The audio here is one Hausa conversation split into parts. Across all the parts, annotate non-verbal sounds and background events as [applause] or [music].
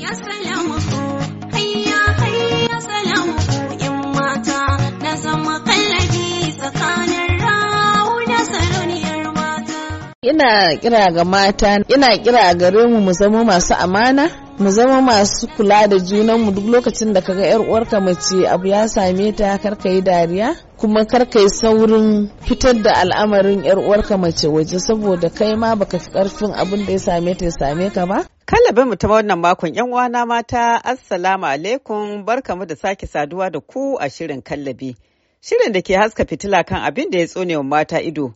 Ina kira ga mata, ina kira gare mu mu zama masu amana, mu zama masu kula da junanmu duk lokacin da kaga yar uwarka mace abu ya same ta karka yi dariya, kuma karka yi saurin fitar da al'amarin yar uwarka mace waje saboda kai ma baka fi karfin abin da ya same ta ya same ka ba. Kalabin mu ta wannan makon yan uwana mata assalamu alaikum barkamu da sake saduwa da ku a shirin kallabi. Shirin da ke haska fitila kan abin da ya tsone wa mata ido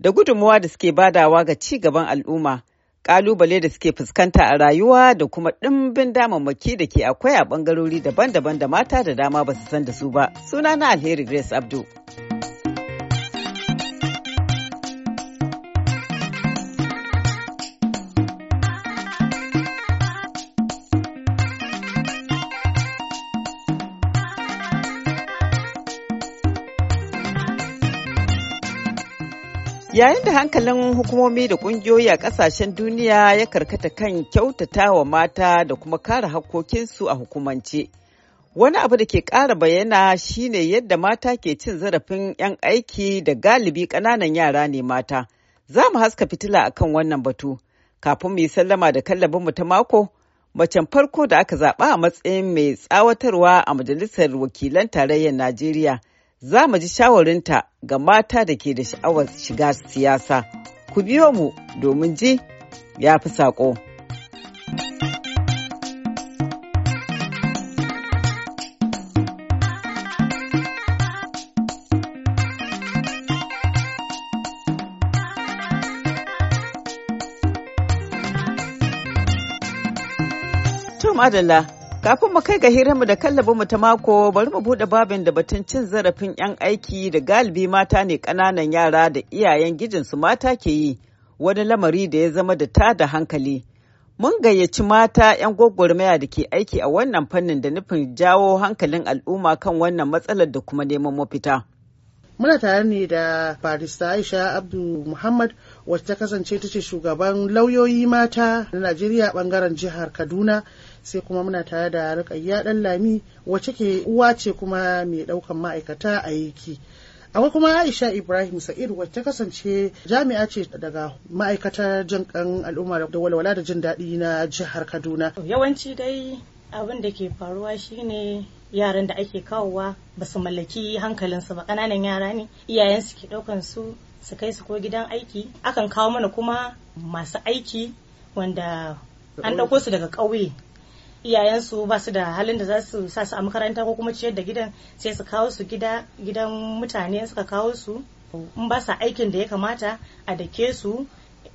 da gudunmuwa da suke badawa ga ci gaban al'umma, kalubale da suke fuskanta a rayuwa da kuma ɗimbin damammaki da ke akwai a bangarori daban-daban da mata da dama ba su san da su ba. Sunana Alheri Grace abdul Yayin da hankalin hukumomi da kungiyoyi a kasashen duniya ya karkata kan kyautata wa mata da kuma kare hakokinsu a hukumance. Wani abu da ke kara bayyana shine yadda mata ke cin zarafin 'yan aiki da galibi ƙananan yara ne mata. Za mu haska fitila akan wannan batu. Kafin mu yi sallama da kallabinmu ta mako, macen farko da aka zaɓa a matsayin mai tsawatarwa a Majalisar Wakilan Tarayyar Najeriya. za mu ji shawarinta ga mata da ke da sha'awar shiga siyasa. Ku biyo mu domin ji ya fi saƙo. To madalla Kafin mu kai ga mu da mu ta mako bari mu buɗe babin da batun cin zarafin 'yan aiki da galibi mata ne ƙananan yara da iyayen gijinsu mata ke yi wani lamari da ya zama da ta da hankali. Mun gayyaci mata 'yan gwagwarmaya da ke aiki a wannan fannin da nufin jawo hankalin al'umma kan wannan matsalar da kuma neman mafita. muna tare ne da barista aisha abdu muhammad wacce ta kasance ta ce shugaban lauyoyi mata na najeriya bangaren jihar kaduna sai kuma muna tare da rikayya dan lami wacce ke uwa ce kuma mai daukan ma'aikata a yiki akwai kuma aisha ibrahim sa'id wacce kasance jami'a ce daga ma'aikatar jin kan al'umma da walwala da jin daɗi na jihar kaduna yawanci dai abin da ke faruwa shine yaran da ake kawowa ba su mallaki hankalinsu ba ƙananan yara ne iyayensu ke ɗaukan su su kai su ko gidan aiki akan kawo mana kuma masu aiki wanda an ɗauko su daga ƙauye iyayensu ba su da halin da za su sa su a makaranta ko kuma ciyar da gidan sai su kawo su gida gidan mutane suka kawo su in ba sa aikin da ya kamata a dake su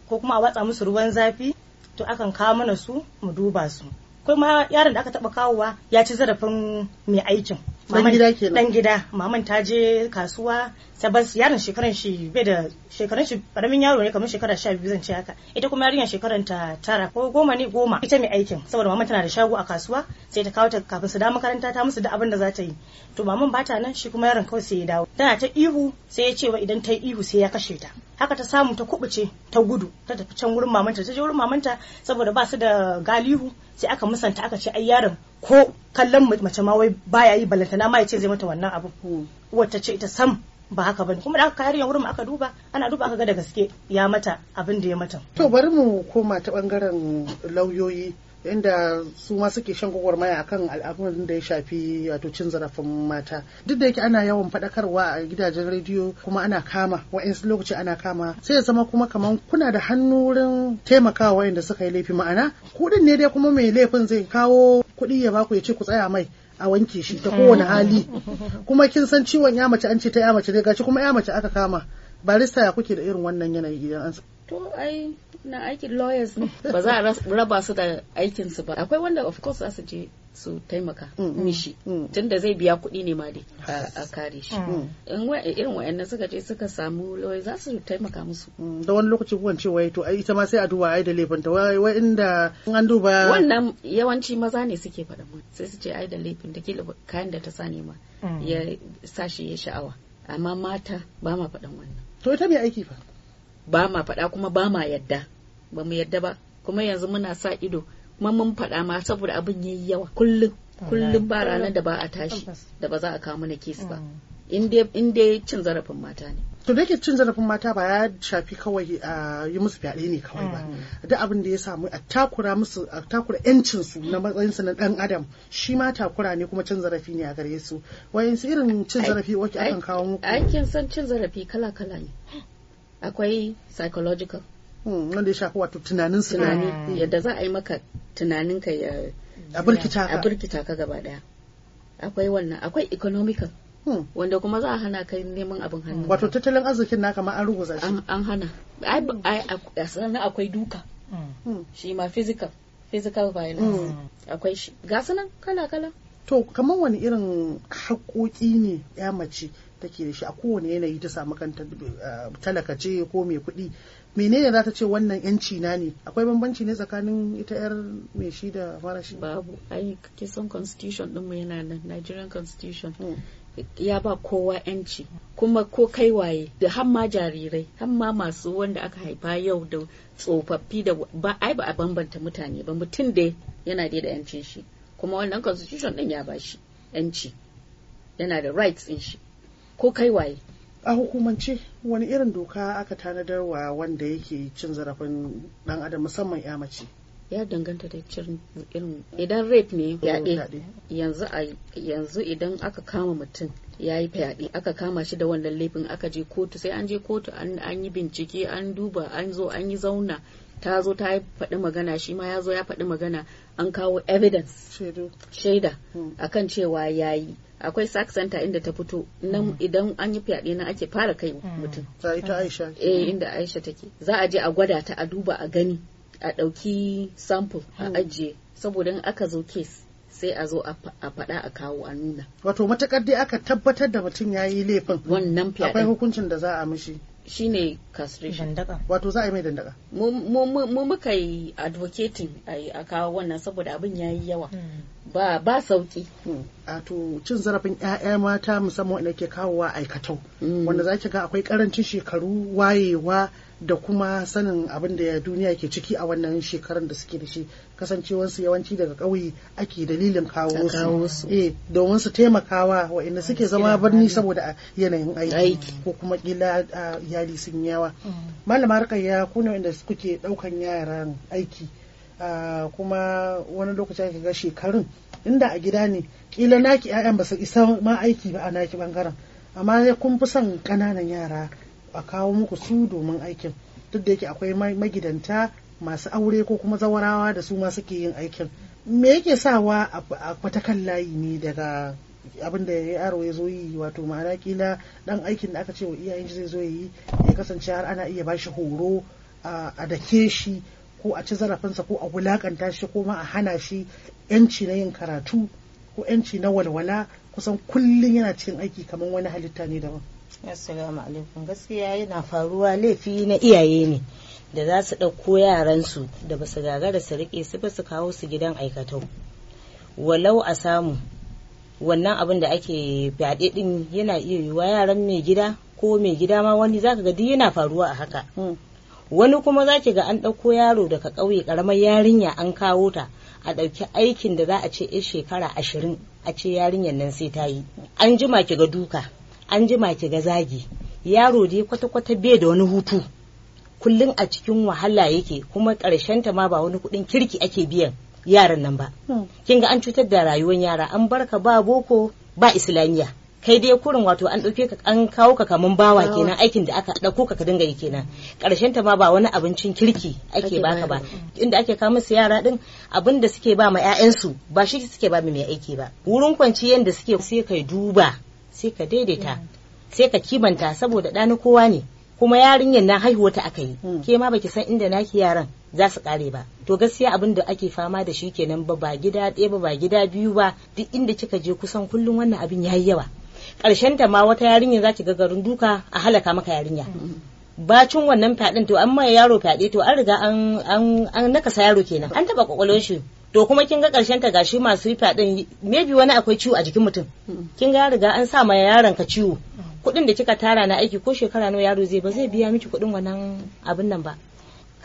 ko kuma a watsa musu ruwan zafi to akan kawo mana su mu duba su kuma yaron da aka taba kawowa ya ci zarafin mai aikin dan gida kenan dan gida maman ta je kasuwa ta bar yaron shekaran shi bai da shekaran shi karamin yaro ne kamar shekara 12 zan ce haka ita kuma yarinyar shekaran ta tara ko goma ne goma ita mai aikin saboda maman tana da shago a kasuwa sai ta kawo ta kafin su da makaranta ta musu da abin da za ta yi to maman bata nan shi kuma yaron kawai sai ya dawo tana ta ihu sai ya ce wa idan ta yi ihu sai ya kashe ta haka ta samu ta kubuce ta gudu ta tafi can wurin mamanta ta je wurin mamanta saboda ba su da galihu sai aka musanta aka ce ai yaron ko kallon mace ma wai baya yi balantana ma ya ce zai mata wannan abu wata ce ita sam ba haka bane kuma da aka kayar wurin aka duba ana duba aka ga da gaske ya mata abin da ya mata to bari mu koma ta bangaren lauyoyi inda su ma suke shan gwagwarmaya akan al'amuran da ya shafi wato cin zarafin mata duk da yake ana yawan faɗakarwa a gidajen rediyo kuma ana kama wa'insu lokaci ana kama sai ya zama kuma kaman kuna da hannu wurin taimakawa wa'inda suka yi laifi ma'ana kuɗin ne dai kuma mai laifin zai kawo kuɗi ya baku ya ce ku tsaya mai a wanke shi ta kowane mm. hali kuma kin san ciwon ya mace an ce ta ya mace ne gashi kuma ya mace aka kama barista ya kuke da irin wannan yanayi idan an to ai na aikin lawyers ne [laughs] ba za a raba su da aikin su ba akwai wanda of course za su je su taimaka mm, mm, mishi mm. tunda zai biya kuɗi ne ma dai a kare shi in irin wayannan suka je suka samu lawyer za su taimaka musu da wani lokaci kuwan cewa wai to ai ita ma sai a duba ai da laifinta wai inda in an duba wannan yawanci maza ne suke faɗa mu sai su ce ai da laifin da kila kayan da ta sa ne ma ya sa shi ya sha'awa amma mata ba ma faɗan wannan to ita mai aiki fa ba ma faɗa kuma ba ma yadda ba mu yadda ba kuma yanzu muna sa ido kuma mun faɗa ma saboda abin yayi yawa kullum kullum ba ranar da ba a tashi da ba za a kawo mana kes ba mm. in dai cin zarafin mata ne to da ke cin zarafin mata ba ya shafi kawai a yi musu fyaɗe ne kawai ba mm. duk abin da ya samu a takura musu a takura yancin su na matsayin su na dan adam shi ma takura ne kuma cin zarafi ne a gare su wayansu irin cin zarafi wake akan kawo muku aikin san cin zarafi kala kala ne akwai psychological hmm, wanda ya shafi wato tunanin su tunani hmm. yadda za a yi maka tunanin ka ya a burkita ka gaba daya akwai wannan akwai economical Hmm. wanda kuma za a hana kai neman abin hannu. Hmm. Wato tattalin arzikin naka ma an rubuta shi. An hana. A sannan akwai duka. Shi ma physical. Physical violence. Akwai shi. Ga nan kala-kala. To kamar wani irin haƙoƙi ne ya mace take da shi a kowane yanayi ta samu kanta eh, talakace ko mai kuɗi menene za ta ce wannan yanci na ne akwai bambanci ne tsakanin ita yar mai shi da mara shi babu ai kisan constitution din mu yana nan Nigerian constitution hmm. ya ba kowa yanci kuma ko kai waye da hamma jarirai hamma masu wanda aka haifa yau da tsofaffi da ba ai ba a bambanta mutane ba mutum da yana da yancin shi kuma wannan constitution din ya ba shi yanci yana da rights din shi ko kai waye a hukumance wani irin doka aka tanadar wa wanda yake cin zarafin dan adam musamman ya mace ya danganta da cin irin idan rape ne fyaɗe yanzu idan aka kama mutum ya yi fyaɗe aka kama shi da wannan laifin aka je kotu sai an je kotu an yi bincike an duba an zo an yi zauna ta zo ta faɗi magana shi ma ya zo ya faɗi magana an kawo evidence shaida hmm. akan cewa ya yi akwai sac center inda ta fito nan hmm. idan an yi fyaɗe nan ake fara kai hmm. mutum eh inda aisha take za a je a gwada ta a duba a gani a ɗauki sample a ajiye saboda in aka zo case sai a zo a faɗa a kawo a nuna. Wato matakar dai aka tabbatar da mutum ya yi laifin. Wannan fyaɗe. Akwai hukuncin da za a mishi. shine castration wato za a yi mai dandaka mu muka yi advocating a kawo wannan saboda abin ya yi yawa hmm. ba ba sauki hmm. a cin zarafin 'ya'ya mata musamman wanda ke kawowa aikatau hmm. wanda za ki ga akwai karancin shekaru wayewa da kuma sanin abin da duniya ke ciki a wannan shekarun da suke da shi kasancewarsu yawanci daga ƙauye ake dalilin kawo su eh domin su taimakawa inda suke zama birni saboda yanayin aiki ko kuma kila iyali sun yawa mm. malamar rukayya kuna wanda kuke ɗaukan yaran aiki kuma wani lokaci ake ga shekarun inda a gida ne kila naki 'ya'yan ba su isa ma aiki ba a naki bangaren amma kun fi son ƙananan yara a kawo muku su domin aikin duk da yake akwai magidanta masu aure ko kuma zawarawa da su ma suke yin aikin me yake sawa a kwatakan layi ne daga abin da yaro ya zo yi wato ma'ana kila dan aikin da aka ce wa iyayen zai zo yi ya kasance har ana iya bashi horo a dake shi ko a ci zarafinsa ko a wulakanta shi ko ma a hana shi yanci na yin karatu ko yanci na walwala kusan kullum yana cikin aiki kamar wani halitta ne daban assalamu alaikum gaskiya yana faruwa laifi na iyaye ne da za su ɗauko yaransu da ba su gagara su riƙe su ba su kawo su gidan aikatau walau a samu wannan abin da ake fyaɗe ɗin yana iya yiwuwa yaran mai gida ko mai gida ma wani zaka ga duk yana faruwa a haka hmm. wani kuma zaki ga an ɗauko yaro daga ƙauye ƙaramar yarinya an kawo ta a ɗauki aikin da za a ce 'yar shekara ashirin a ce yarinyar nan sai ta yi an jima ki ga duka an jima ki ga zagi yaro dai kwata-kwata bai da wani hutu kullum a cikin wahala yake kuma ta ma ba wani kuɗin kirki ake biyan yaran nan ba hmm. kin ga an cutar da rayuwar yara an barka ba boko ba islamiyya kai dai kurin wato an ɗauke ka an kawo ka kaman bawa kenan aikin da aka ɗauko ka ka dinga yi kenan Karshen ta ma ba wani abincin kirki ake baka ba inda ake kawo musu yara din abin da suke ba ma 'ya'yansu ba shi suke ba mai aiki ba wurin kwanci da suke sai kai duba sai ka daidaita sai ka kimanta saboda ɗani kowa ne kuma yarinyar na haihuwa ta aka yi hmm. ke ma baki san inda naki yaran za su kare ba to gaskiya abin da ake fama da shi kenan ba ba gida ɗaya ba ba gida biyu ba duk inda kika je kusan kullum wannan abin yayi yawa ƙarshen ta ma wata yarinya za ki ga garin duka a halaka maka yarinya hmm. bacin wannan fyaɗen to an ma yaro fyaɗe to an riga an nakasa yaro kenan an taɓa kwakwalwar shi to kuma kin ga karshen ta gashi masu rifa din maybe wani akwai ciwo a jikin mutum kin ga riga an sa ma yaron ka ciwo kuɗin da kika tara na aiki ko shekara nawa yaro zai ba zai biya miki kuɗin wannan abin nan ba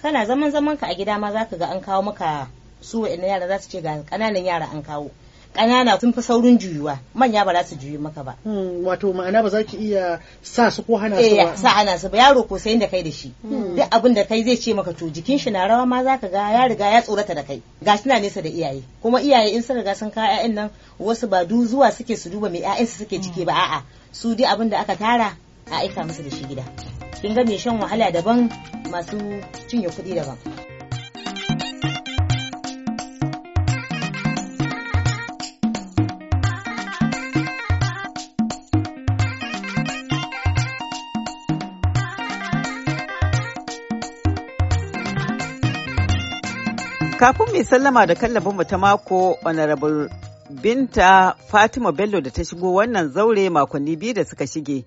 kana zaman zaman ka a gida ma zaka ga an kawo maka su wa'annan yara za su ce ga kananan yara an kawo kanana sun fi saurin juyuwa manya ba za su juyi maka ba. Hmm, wato ma'ana ba za ki iya sa su ko hana su eh, ba. sa hana su ba yaro ko sayin da kai da shi. Hmm. duk abin da kai zai ce maka to jikin shi na rawa ma za ka ga ya riga ya tsorata da kai ga suna nesa da iyaye kuma iyaye in suka ga sun kawo 'ya'yan nan wasu ba du zuwa suke su duba mai su suke ciki ba a'a su dai abin da aka tara a aika musu da shi gida. kin ga mai shan wahala daban masu cinye kuɗi daban. Kafin mai sallama da kallabin mu ta mako Honorable Binta Fatima Bello da ta shigo wannan zaure makonni biyu da suka shige.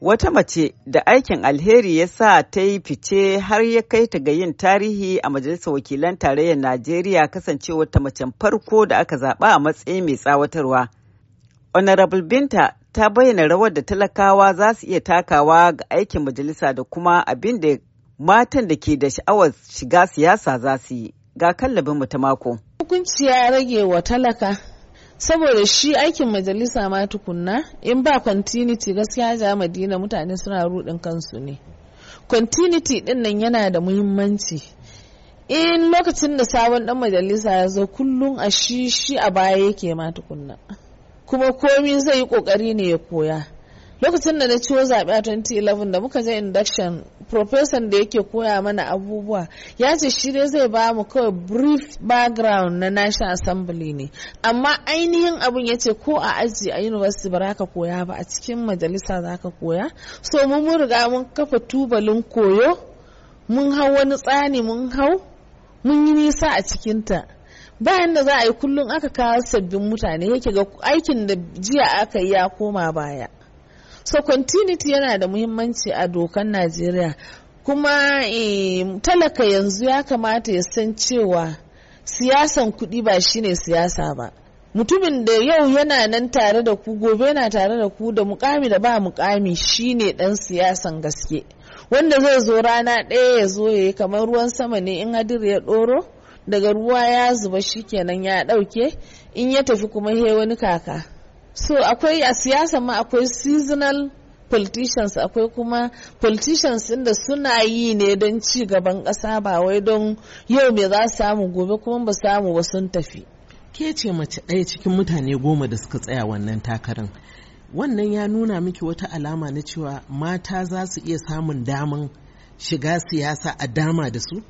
Wata mace da aikin alheri ya sa ta yi fice har ya kai ta ga yin tarihi a Majalisar Wakilan Tarayyar Najeriya kasancewa ta macen farko da aka zaba a matsayin mai tsawatarwa. Honorable Binta ta bayyana rawar da talakawa za su iya takawa ga aikin majalisa da kuma abin da matan da ke da sha'awar shiga siyasa za su yi. ga kallabin mu ta mako. Hukunci ya rage wa talaka saboda shi aikin majalisa ma tukunna in ba continuity gaskiya ja madina mutane suna rudin kansu ne. Continuity din nan yana da muhimmanci. In lokacin da sabon dan majalisa ya zo kullum a shi shi a baya yake ma tukunna. Kuma komi zai yi kokari ne ya koya. lokacin da na ciwo zaɓe a 2011 da muka je induction profesan da yake koya mana abubuwa ya ce shi dai zai ba mu kawai brief background na national assembly ne amma ainihin abin ya ce ko a aji a university ba ka koya ba a cikin majalisa za ka koya so mun mun riga mun kafa tubalin koyo mun hau wani tsani mun hau mun yi nisa a cikinta bayan da za a yi kullum aka kawo sabbin mutane yake ga aikin da jiya aka yi ya koma baya so continuity yana da muhimmanci a dokan najeriya kuma eh, talaka yanzu ya kamata ya san cewa siyasan kuɗi ba shine siyasa ba mutumin da yau yana nan tare da ku gobe yana tare da ku da mukami da ba mukami shine dan siyasan gaske wanda zai zo rana ɗaya ya zo ya yi kamar ruwan sama ne in hadir ya ɗoro daga ruwa ya zuba shikenan ya ɗauke in ya tafi kuma he wani kaka so akwai a siyasa ma akwai seasonal politicians akwai kuma politicians inda suna yi ne don ci gaban ƙasa ba wai don yau me za samu gobe kuma ba samu ba sun tafi ke ce mace ɗaya cikin mutane goma da suka tsaya wannan takarar wannan ya nuna miki wata alama na cewa mata za su iya samun daman shiga siyasa a dama da su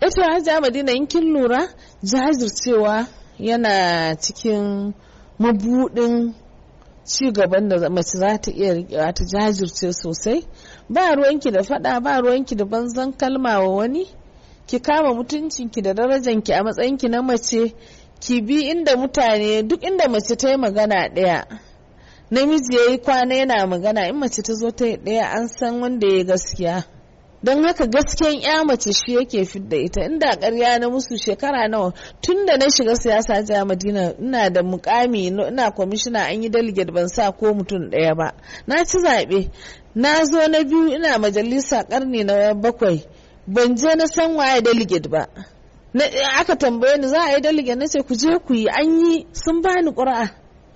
ita hajja madina in kin lura jajircewa yana cikin mabudin ci gaban da mace za ta iya rikewa ta jajirce sosai ba ruwanki da fada ba ruwanki da banzan kalma wa wani ki kama mutuncinki da darajanki a matsayinki na mace ki bi inda mutane duk inda mace ta yi magana ɗaya namiji ya yi kwana yana magana in mace ta zo ta yi ɗaya an san wanda ya gaskiya don haka gasken ya mace shi yake fidda ita inda karya na musu shekara nawa tun da na shiga siyasa ta madina ina da mukami ina kwamishina an yi delegate ban sa ko mutum ɗaya ba na ci zaɓe na zo na biyu ina majalisa ƙarni na bakwai ban je na san waye delegate ba aka tambaye ni za a yi delegate na ce ku je ku yi an yi sun bani ƙura'a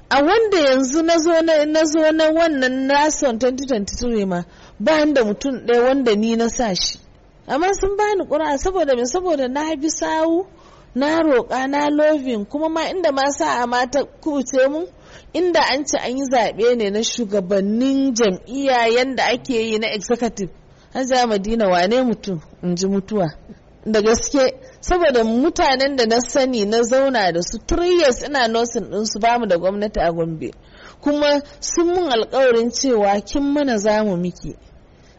a wanda yanzu na zo na wannan nason 2023 ma ba da mutum ɗaya wanda ni na sa shi amma sun bani ƙura saboda me saboda na bi sawu na roƙa na lovin kuma ma inda ma sa a mata kuce mu inda an ci an yi zaɓe ne na shugabannin jam'iyya yanda ake yi na executive an ja madina wane mutum in ji mutuwa da gaske saboda mutanen da na sani na zauna da su years ina nosin din su bamu da gwamnati a gombe kuma sun mun alkawarin cewa kin mana zamu miki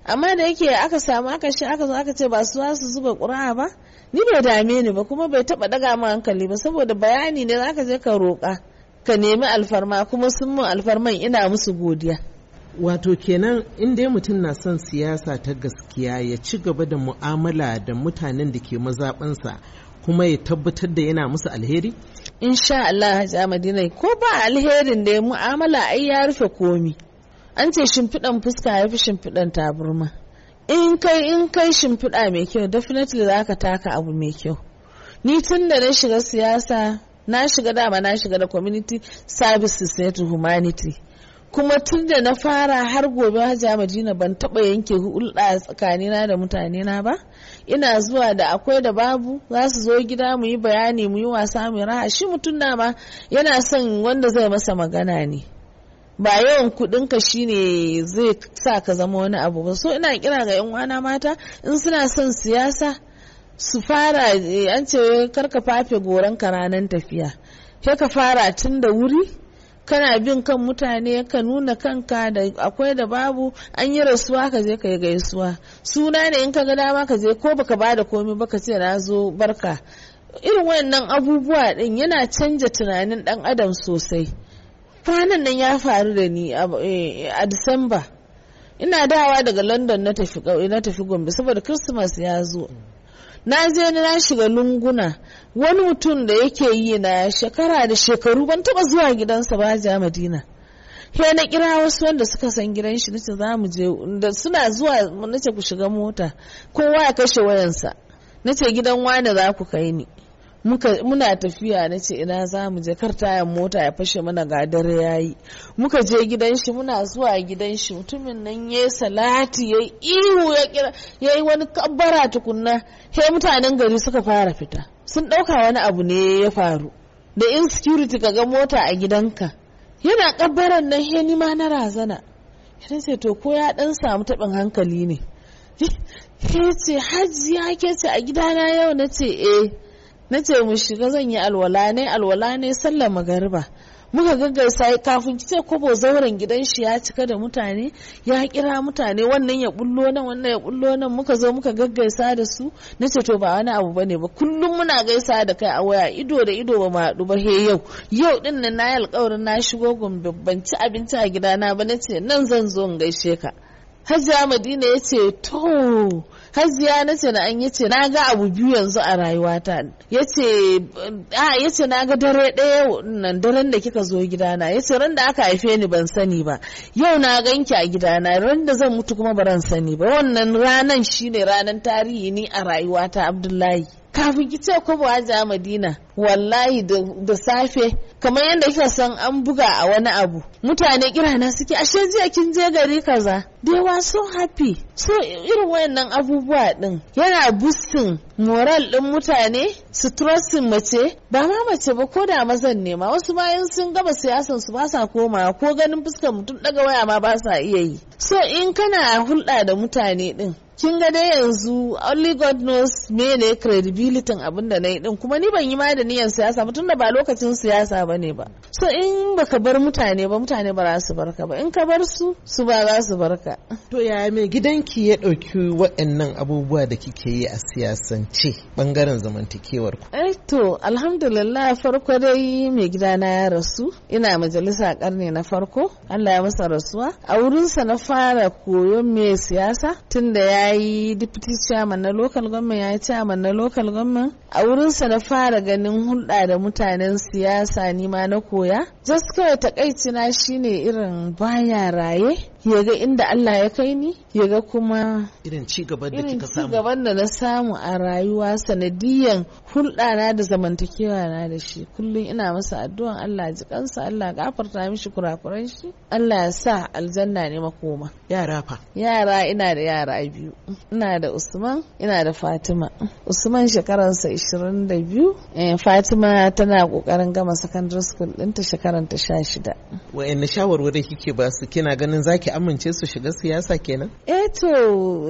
amma da yake aka samu aka shi aka zo aka ce ba su su zuba ƙura ba ni bai dame ni ba kuma bai taba daga mu hankali ba saboda bayani ne zaka je ka roƙa ka nemi alfarma kuma sun mun alfarman ina musu godiya wato kenan in dai mutum na son siyasa ta gaskiya ya ci gaba da mu'amala da mutanen da ke mazaɓansa kuma ya tabbatar da yana musu alheri insha Allah Hajji Madina ko ba alherin da ya mu'amala ai ya rufe komi an ce shimfiɗan fuska ya fi shimfiɗan taburma in kai in kai shimfiɗa mai kyau definitely za ka taka abu mai kyau ni tun da na shiga siyasa na shiga dama na shiga da community services ne to humanity kuma tun da na fara har gobe hajiya madina ban taba yanke hulɗa tsakanina da mutanena ba ina zuwa da akwai da babu za su zo gida mu yi bayani mu yi wasa mu raha shi mutum na ma yana son wanda zai masa magana ne ba yawan ka shine zai sa ka zama wani abu ba so ina kira ga yan wana mata in suna son siyasa su fara eh, an ce karka fafe goran ka ranar tafiya ke ka fara tun da wuri kana bin kan mutane ka nuna kanka da akwai da babu an yi rasuwa ka je ka yi gaisuwa suna ne in ka ga dama ka je ko baka bada komai ba ka ce na zo barka irin wayannan abubuwa din yana canja tunanin dan adam sosai kwanan nan ya faru da ni a eh, disamba ina dawa daga london na tafi gombe saboda christmas ya zo na je ni na shiga lunguna wani mutum da yake yi na shekara da shekaru ban taba zuwa gidansa ba ja madina ke na kira wasu wanda suka san gidan shi nace za mu je da suna zuwa nace ku shiga mota kowa ya kashe wayansa nace gidan wani za ku kai ni muna tafiya na ce ina za mu je kar tayan mota ya fashe mana ga dare yayi muka je gidan shi muna zuwa gidan shi mutumin nan ya salati ya ihu ya kira ya yi wani kabbara tukunna sai mutanen gari suka fara fita sun dauka wani abu ne ya faru da insecurity ga mota a gidanka yana kabbaran nan he ni na razana ya ce to ko ya dan samu taɓin hankali ne ke [laughs] ce hajji ya ke ce a gidana yau na ce eh na ce mu shiga zan yi alwala ne alwala ne sallar magariba muka gaggaisa kafin ce kobo zauren gidan shi ya cika da mutane ya kira mutane wannan ya bullo nan wannan ya bullo nan muka zo muka gaggaisa da su na ce to ba wani abu bane ba kullum muna gaisa da kai a waya ido da ido ba ma haɗu ba he yau yau din nan na yi alƙawarin na shigo gombe ban ci abinci a gidana ba na ce nan zan zo in gaishe ka hajiya madina ya ce to hajiya na ce na an ce na ga abu biyu yanzu a rayuwata yace ce na ga dare ɗaya nan daren da kika zo gidana ce ran da aka haife ni ban sani ba yau na ganki a gidana ran da zan mutu kuma baran sani ba wannan ranan ne ranan tarihi ni a rayuwata abdullahi kafin ki ce ko ba hajiya madina wallahi da safe kamar yadda kika san an buga a wani abu mutane kirana suke ashe jiya kin je gari kaza they were so happy so irin wayannan abubuwa din yana boosting moral din mutane su trusting mace ba ma mace ba ko da mazan ne ma wasu bayan sun gaba siyasan su ba sa koma ko ganin fuskar mutum daga waya ma ba sa iya yi so in kana hulɗa da mutane din kin ga dai yanzu only god knows me ne credibility abin da na yi din kuma ni ban yi ma da niyan siyasa ba tunda ba lokacin siyasa ba ne ba so in baka bar mutane ba mutane ba za su barka ba in ka bar su su ba za su barka to ya mai gidanki ya ɗauki waɗannan abubuwa da kike yi a siyasance bangaren zamantakewar ku eh to alhamdulillah farko dai mai na ya rasu ina majalisa karni na farko Allah ya masa rasuwa a wurin sa na fara koyon me siyasa tunda ya yi deputy chairman na local government ya yi chairman na local government a wurin sa na fara ganin koyon hulɗa da mutanen siyasa nima na koya. Just takaicina shine irin baya raye ya ga inda Allah ya kai ni ya ga kuma irin ci gaban da kika samu gaban da na samu a rayuwa sanadiyan hulɗa na da zamantakewa na da shi kullum ina masa addu'an Allah ji kansa Allah gafarta mishi kurakuran shi Allah ya sa aljanna ne makoma yara fa yara ina da yara biyu ina da Usman ina da Fatima Usman shekaransa 22 eh, Fatima tana kokarin gama secondary school ɗinta shekaranta 16 wa'anne shawarwari kike ba su kina ganin zaki amince su shiga siyasa kenan? Eh to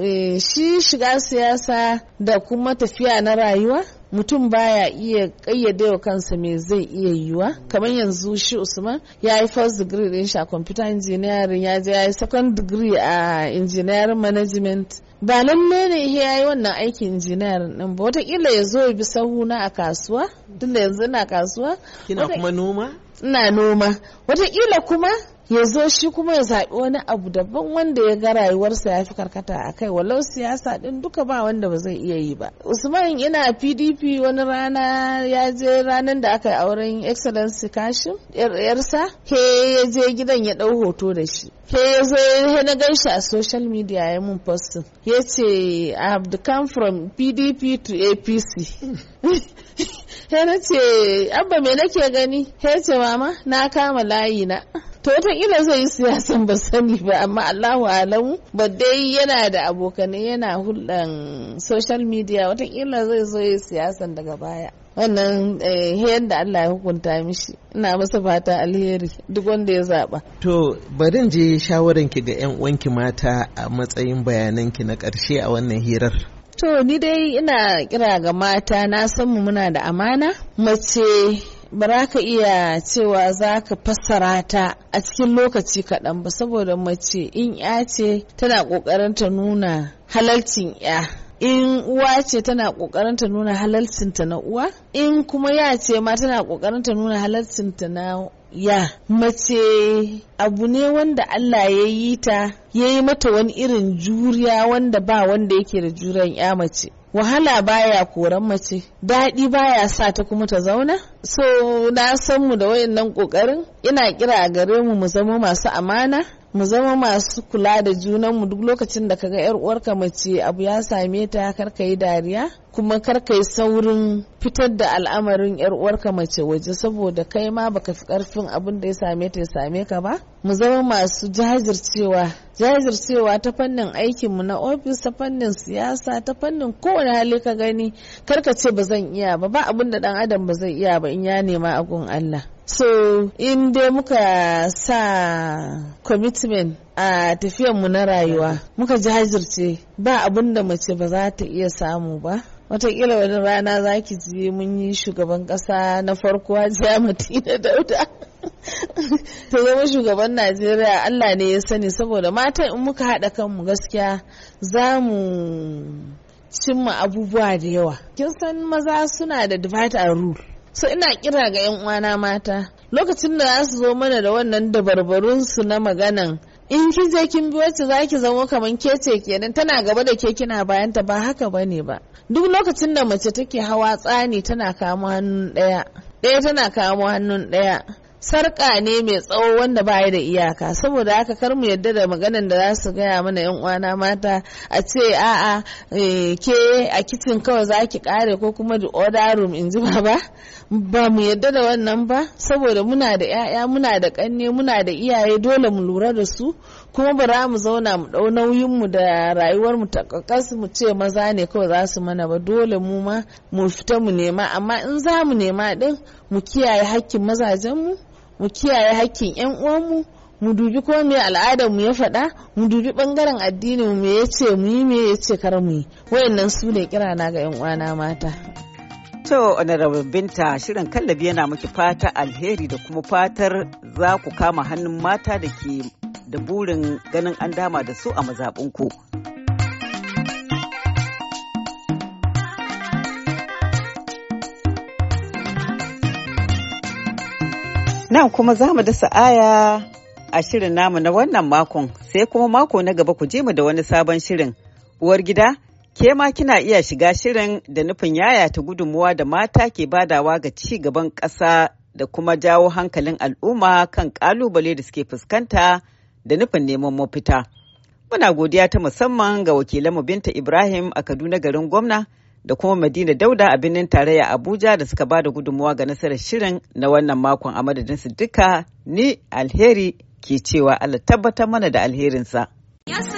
eh, shi shiga siyasa da kuma tafiya na rayuwa mutum baya iya kayyade wa kansa me zai iya yiwa kamar yanzu shi usman ya yi first degree din sha a computer engineering ya je ya yi second degree a engineering management ba lalle ne ya yi wannan aikin injiniyar din ba watakila ya zo bi sahuna a kasuwa tunda yanzu na kasuwa kina kuma noma ina noma wataƙila kuma ya zo shi kuma ya zaɓi wani abu daban wanda ya ga rayuwarsa ya fi karkata a kai walau siyasa ɗin duka ba wanda ba zai iya yi ba usman ina pdp wani rana ya je ranar da aka yi auren excellency kashin yarsa he ya je gidan ya ɗau hoto da shi he ya zo ya na gan shi a social media ya mun postin ya ce i have come from pdp to apc [laughs] he na ce abba me nake gani he ce mama na kama layi na to ila zai yi siyasan ba sani ba amma allahu alamu ba dai yana da abokanai yana hulɗan social media ila zai zo yi siyasan daga baya wannan eh, yadda Allah ya hukunta mishi ina masa fata alheri duk wanda ya zaɓa. to bari je shawararki ga yan uwanki mata a matsayin bayananki na ƙarshe a wannan hirar To ni dai ina kira ga mata na san mu muna da amana mace bara ka iya cewa za ka fassara ta a cikin lokaci kaɗan ba saboda mace in ya ce tana ƙoƙarin ta nuna halalcin ya in uwa ce tana kokarin ta nuna ta na uwa in kuma ya ce ma tana kokarin ta nuna ta na ya mace abu ne wanda Allah ya yi ta ya yi mata wani irin juriya wanda ba wanda yake da juriyan ya mace wahala baya koran mace daɗi baya sa ta kuma ta zauna so na san mu da wayannan kokarin ina kira a gare mu mu zama masu amana mu zama masu kula da junan mu duk lokacin da kaga yar uwarka mace abu ya same ta kar ka yi dariya kuma kar ka yi saurin fitar da al'amarin yar uwarka mace waje saboda kai ma baka fi karfin abin da ya same ta ya same ka ba mu zama masu jajircewa jajircewa ta fannin aikinmu na ofis ta fannin siyasa ta fannin kowane hali ka gani karka ce ba zan iya ba ba abin da dan adam ba zai iya ba in ya nema agun Allah so in dai muka sa commitment a tafiyanmu na rayuwa muka jajirce ba abin da mace ba za ta iya samu ba watakila wani rana za ki je mun yi shugaban kasa na farko hajiya matina dauda [laughs] ta zama shugaban najeriya allah ne ya sani saboda mata in muka haɗa kanmu gaskiya za mu cimma abubuwa da yawa kin san maza suna da divide and rule so ina kira ga 'yan uwana mata lokacin da za su zo mana da wannan dabarbarun su na maganan in kin je kin bi wacce zaki ki zama kamar kece kenan tana gaba da ke kina bayan ta ba haka bane ba duk lokacin da mace take hawa tsani tana kamo hannun daya daya tana kamo hannun daya. sarƙa ne mai tsawo wanda ba da iyaka saboda haka kar mu yadda da maganan da za su gaya mana yan uwana mata a ce a'a eh, ke a kicin kawai zaki ki kare ko kuma di order room in ji ba. ba mu yadda da wannan ba saboda muna da 'ya'ya muna da ƙanne muna da iyaye dole mu lura da su kuma ba za mu zauna mu ɗau nauyinmu da rayuwarmu ta ƙaƙas mu ce maza ne kawai za su mana ba dole mu ma mu fita mu nema amma in za mu nema ɗin mu kiyaye hakkin mazajenmu mu kiyaye hakkin 'yan uwanmu mu dubi ko me al'adar mu ya faɗa mu dubi bangaren addinin mu ya ce mu yi me ya kar mu yi wayannan su ne kirana ga 'yan uwana mata To, Honorable Binta, shirin kallabi yana miki fata alheri da kuma fatar za ku kama hannun mata da ke da burin ganin an dama da su a mazaɓinku. Nan kuma za mu da sa'aya a shirin namu na wannan makon, sai kuma mako na gaba ku je mu da wani sabon shirin. Uwar gida? Ke ma kina iya shiga shirin da nufin yaya ta gudunmuwa da mata ke badawa ga ci gaban ƙasa da kuma jawo hankalin al'umma kan kalubale da suke fuskanta da nufin neman mafita. Muna godiya ta musamman ga wakilanmu Binta Ibrahim a Kaduna garin gwamna da kuma Madina Dauda a birnin tarayya Abuja da suka bada da gudunmuwa ga nasarar shirin na wannan makon a madadin su duka ni alheri ke cewa Allah tabbatar mana da alherinsa. Yes,